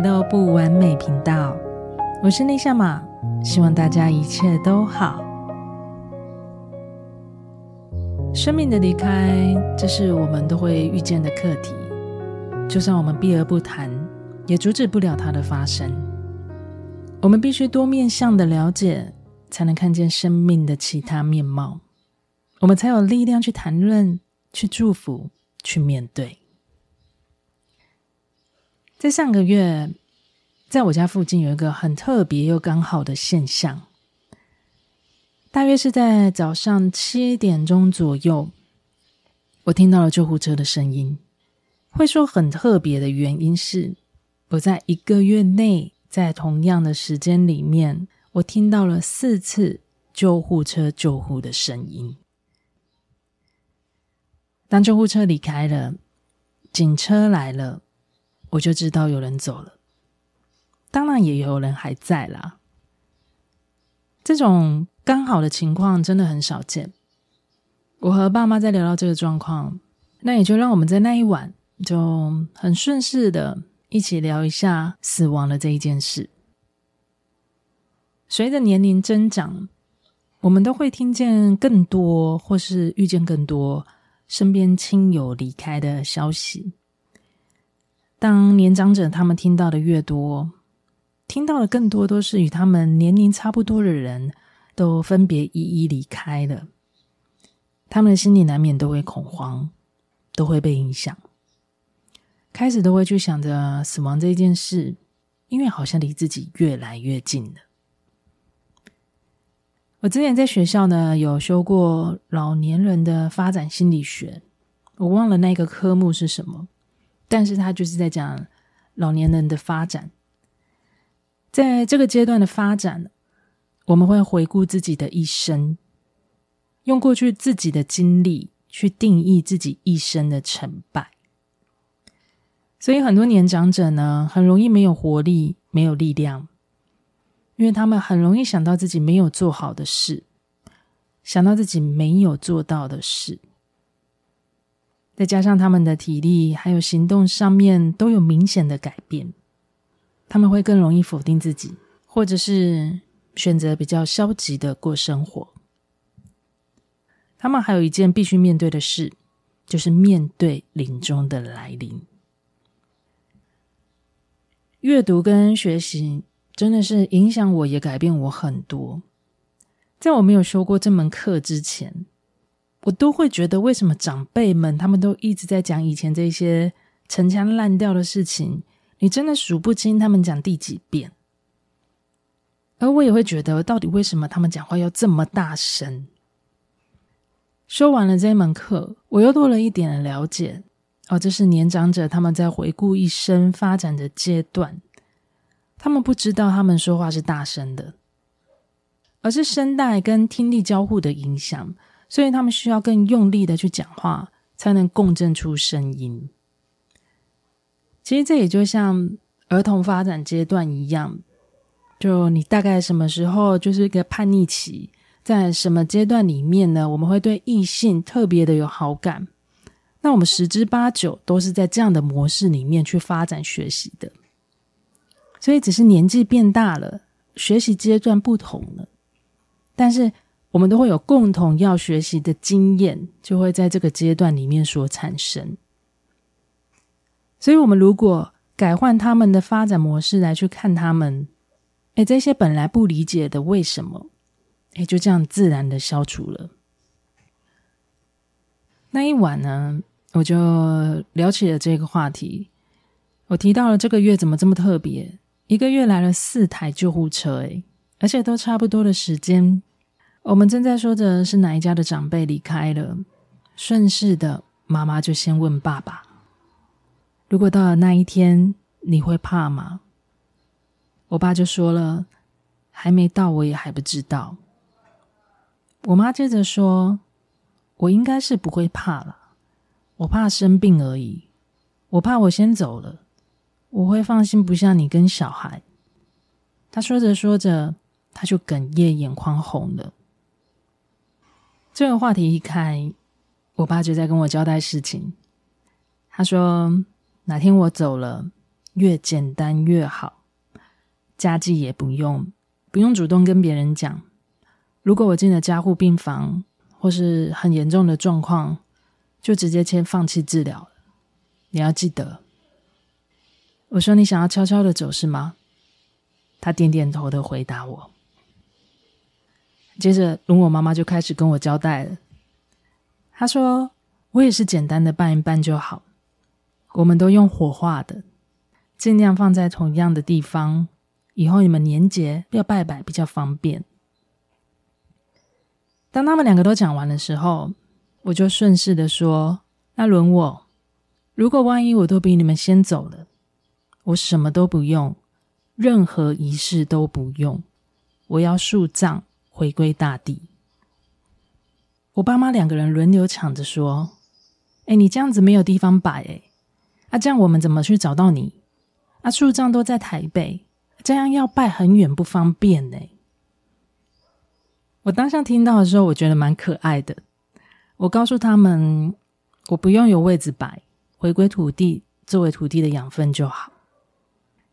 來到不完美頻道，我是內夏瑪，希望大家一切都好。生命的離開，這是我們都會遇見的課題。就算我們避而不談，也阻止不了它的發生。我們必須多面向的了解，才能看見生命的其他面貌。我們才有力量去談論、去祝福、去面對。在上個月，在我家附近有一個很特別又剛好的現象。大約是在早上七點鐘左右，我聽到了救護車的聲音。會說很特別的原因是，我在一個月內，在同樣的時間裡面，我聽到了四次救護車救護的聲音。當救護車離開了，警車來了。我就知道有人走了，當然也有人還在啦。這種剛好的情況真的很少見。我和爸媽在聊到這個狀況，那也就讓我們在那一晚就很順勢的一起聊一下死亡的這一件事。隨着年齡增長，我們都會聽見更多或是遇見更多身邊親友離開的消息。當年長者，他們聽到的越多，聽到的更多都是與他們年齡差不多的人都分別一一離開了，他們的心裡難免都會恐慌，都會被影響，開始都會去想着死亡這件事，因為好像離自己越來越近了。我之前在學校呢有修過老年人的發展心理學，我忘了那個科目是什麼。但是他就是在講老年人的發展，在這個階段的發展，我們會回顧自己的一生，用過去自己的經歷去定義自己一生的成敗。所以很多年長者呢，很容易沒有活力、沒有力量，因為他們很容易想到自己沒有做好的事，想到自己沒有做到的事。再加上他們的體力，還有行動上面都有明顯的改變，他們會更容易否定自己，或者是選擇比較消極的過生活。他們還有一件必須面對的事，就是面對臨終的來臨。閱讀跟學習真的是影響我，也改變我很多。在我沒有修過這門課之前。我都會覺得，為什麼長輩們他們都一直在講以前這些陳腔濫調的事情？你真的數不清他們講第幾遍。而我也會覺得，到底為什麼他們講話要這麼大聲？說完了這一門課，我又多了一點了解。哦，這是年長者他們在回顧一生發展的階段，他們不知道他們說話是大聲的，而是聲帶跟聽力交互的影響。所以他們需要更用力的去講話，才能共振出聲音。其實這也就像兒童發展階段一樣，就你大概什麼時候就是一個叛逆期，在什麼階段裡面呢？我們會對異性特別的有好感，那我們十之八九都是在這樣的模式裡面去發展學習的。所以只是年紀變大了，學習階段不同了，但是。我們都會有共同要學習的經驗，就會在這個階段裡面所產生。所以，我們如果改換他們的發展模式來去看他們，誒，這些本來不理解的為什麼，誒，就這樣自然的消除了。那一晚呢，我就聊起了這個話題。我提到了這個月怎麼這麼特別，一個月來了四台救護車誒，誒而且都差不多的時間。我們正在說着是哪一家的長輩離開了，順勢的媽媽就先問爸爸：“如果到了那一天，你會怕嗎？”我爸就說了：“還沒到，我也還不知道。”我媽接着說：“我應該是不會怕了，我怕生病而已，我怕我先走了，我會放心不下你跟小孩。”她說着說着，她就哽咽，眼眶紅了。這個話題一開，我爸就在跟我交代事情。他說：“哪天我走了，越簡單越好，家祭也不用，不用主動跟別人講。如果我進了加護病房或是很嚴重的狀況，就直接先放棄治療了。你要記得。”我說：“你想要悄悄的走是嗎？”他點點頭的回答我。接着，輪我媽媽就開始跟我交代了。她說：“我也是簡單的辦一辦就好，我們都用火化的，盡量放在同樣的地方。以後你們年節要拜拜比較方便。”當他們兩個都講完的時候，我就順勢的說：“那輪我，如果萬一我都比你們先走了，我什麼都不用，任何儀式都不用，我要樹葬。”回歸大地，我爸媽兩個人輪流搶着說：“誒，你這樣子沒有地方擺誒，啊，這樣我們怎麼去找到你？啊，樹葬都在台北，這樣要拜很遠不方便呢。”我當下聽到的時候，我覺得蠻可愛的。我告訴他們，我不用有位置擺，回歸土地作為土地的養分就好，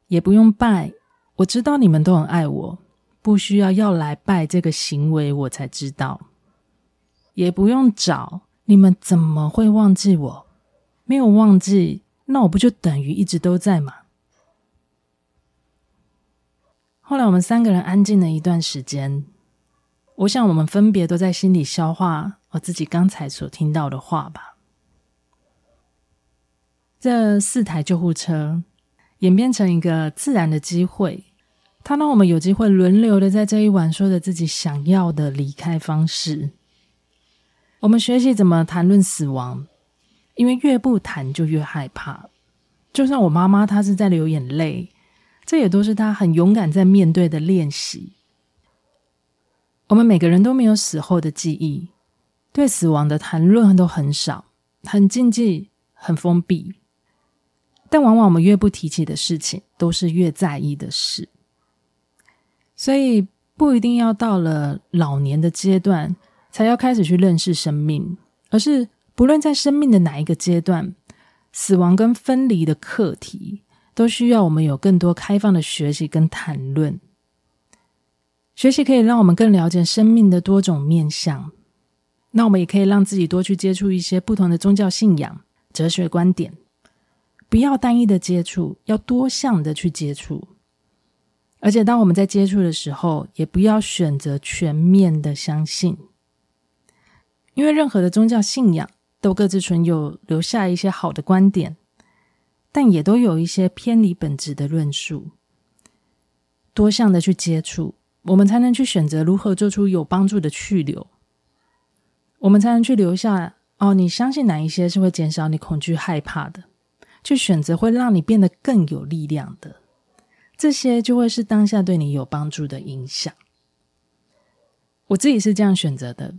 也不用拜。我知道你們都很愛我。不需要要來拜這個行為，我才知道，也不用找你們，怎麼會忘記我？沒有忘記，那我不就等於一直都在嗎？後來我們三個人安靜了一段時間，我想我們分別都在心裡消化我自己剛才所聽到的話吧。這四台救護車演變成一個自然的機會。他讓我們有機會輪流的在這一晚說着自己想要的離開方式。我們學習怎麼談論死亡，因為越不談就越害怕。就像我媽媽，她是在流眼淚，這也都是她很勇敢在面對的練習。我們每個人都沒有死後的記憶，對死亡的談論都很少，很禁忌，很封閉。但往往我們越不提起的事情，都是越在意的事。所以不一定要到了老年的階段才要開始去認識生命，而是不論在生命的哪一個階段，死亡跟分離的課題都需要我們有更多開放的學習跟談論。學習可以讓我們更了解生命的多種面向，那我們也可以讓自己多去接觸一些不同的宗教信仰、哲學觀點，不要單一的接觸，要多向的去接觸。而且，當我們在接觸的時候，也不要選擇全面的相信，因為任何的宗教信仰都各自存有留下一些好的觀點，但也都有一些偏離本質的論述。多向的去接觸，我們才能去選擇如何做出有幫助的去留。我們才能去留下哦，你相信哪一些是會減少你恐懼害怕的？去選擇會讓你變得更有力量的。這些就會是當下對你有幫助的影響。我自己是這樣選擇的。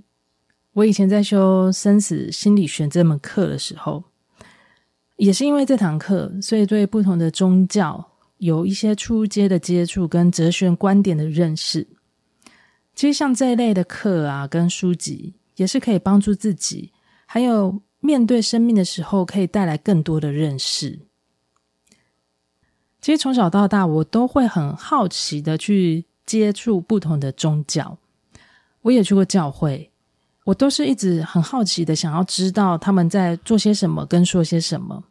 我以前在修生死心理學這門課的時候，也是因為這堂課，所以對不同的宗教有一些初階的接觸跟哲學觀點的認識。其實像這一類的課啊，跟書籍也是可以幫助自己，還有面對生命的時候可以帶來更多的認識。其實從小到大，我都會很好奇的去接觸不同的宗教。我也去過教會，我都是一直很好奇的，想要知道他們在做些什麼，跟說些什麼。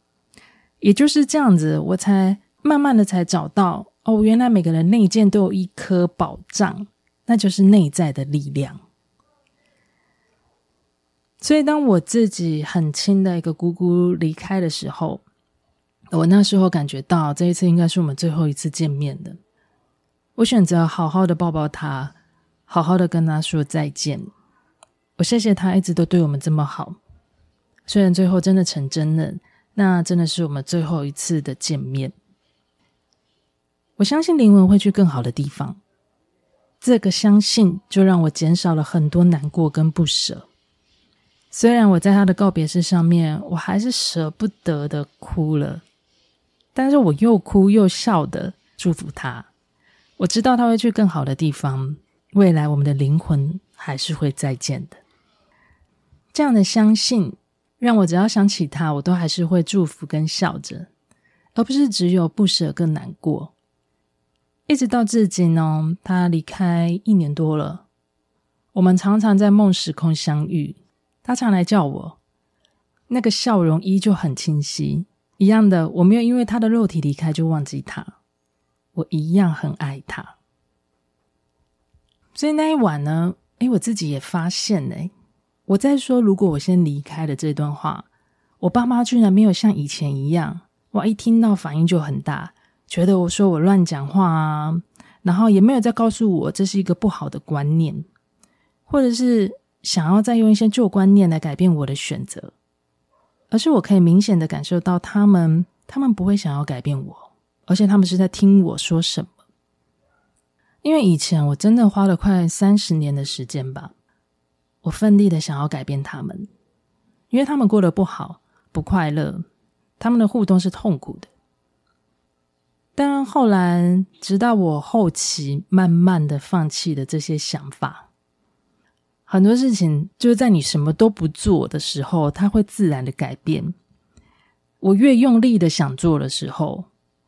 也就是這樣子，我才慢慢的才找到哦，原來每個人內建都有一顆寶藏，那就是內在的力量。所以，當我自己很親的一個姑姑離開的時候，我那時候感覺到，這一次應該是我們最後一次見面的。我選擇好好的抱抱他，好好的跟他說再見。我謝謝他一直都對我們這麼好，雖然最後真的成真了，那真的是我們最後一次的見面。我相信靈魂會去更好的地方，這個相信就讓我減少了很多難過跟不捨。雖然我在他的告別式上面，我還是捨不得的哭了。但是我又哭又笑的祝福他，我知道他會去更好的地方，未來我們的靈魂還是會再見的。這樣的相信讓我只要想起他，我都還是會祝福跟笑着，而不是只有不捨跟難過。一直到至今哦，他離開一年多了，我們常常在夢時空相遇，他常來叫我，那個笑容依舊很清晰。一樣的，我沒有因為他的肉體離開就忘記他，我一樣很愛他。所以那一晚呢，誒、欸，我自己也發現、欸，呢，我在說，如果我先離開了這段話，我爸媽居然沒有像以前一樣，哇，一聽到反應就很大，覺得我說我亂講話啊，然後也沒有再告訴我這是一個不好的觀念，或者是想要再用一些舊觀念來改變我的選擇。而是我可以明顯的感受到，他們，他們不會想要改變我，而且他們是在聽我說什麼。因為以前我真的花了快三十年的時間吧，我奮力的想要改變他們，因為他們過得不好，不快樂，他們的互動是痛苦的。但後來，直到我後期慢慢的放棄了這些想法。很多事情就是在你什麼都不做的時候，它會自然的改變。我越用力的想做的時候，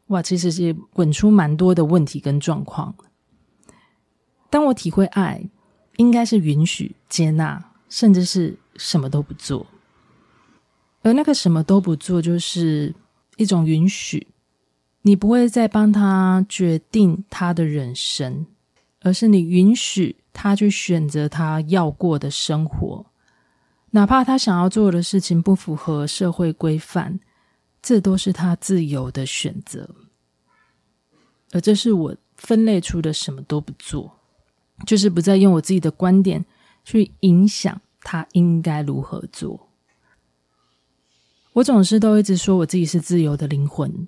哇，其實是滾出蠻多的問題跟狀況。當我體會愛，應該是允許、接納，甚至是什麼都不做。而那個什麼都不做，就是一種允許。你不會再幫他決定他的人生。而是你允許他去選擇他要過的生活，哪怕他想要做的事情不符合社會規範，這都是他自由的選擇。而這是我分類出的什麼都不做，就是不再用我自己的觀點去影響他應該如何做。我總是都一直說我自己是自由的靈魂，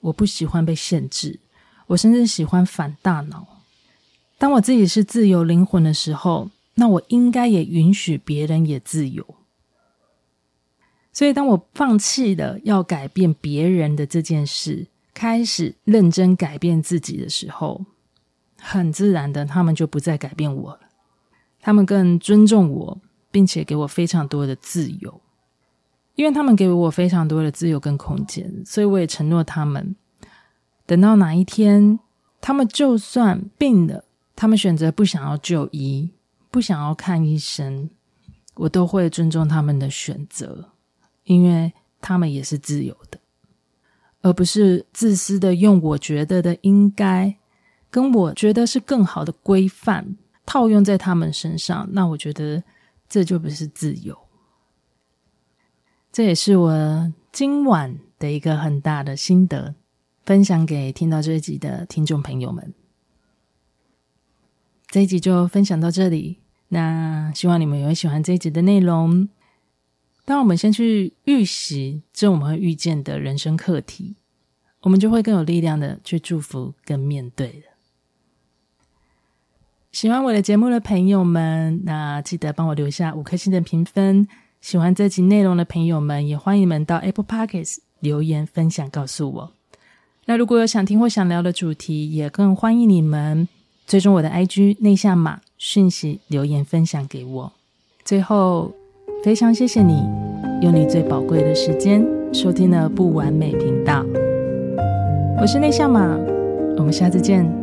我不喜歡被限制，我甚至喜歡反大腦。當我自己是自由靈魂的時候，那我應該也允許別人也自由。所以，當我放棄了要改變別人的這件事，開始認真改變自己的時候，很自然的，他們就不再改變我了。他們更尊重我，並且給我非常多的自由，因為他們給我非常多的自由跟空間。所以，我也承諾他們，等到哪一天，他們就算病了，他們選擇不想要就醫，不想要看醫生，我都會尊重他們的選擇，因為他們也是自由的，而不是自私的用我覺得的應該跟我覺得是更好的規範套用在他們身上，那我覺得這就不是自由。這也是我今晚的一個很大的心得，分享給聽到這一集的聽眾朋友們。這一集就分享到這裡，那希望你們也會喜歡這一集的內容。當我們先去預習這我們會遇見的人生課題，我們就會更有力量的去祝福跟面對了。喜歡我的節目的朋友們，那記得幫我留下五顆星的評分。喜歡這集內容的朋友們，也歡迎你們到 Apple Podcast 留言分享告訴我。那如果有想聽或想聊的主題，也更歡迎你們。追蹤我的 IG 內夏瑪訊息留言分享給我。最後，非常謝謝你用你最寶貴的時間收聽了不完美頻道。我是內夏瑪，我們下次見。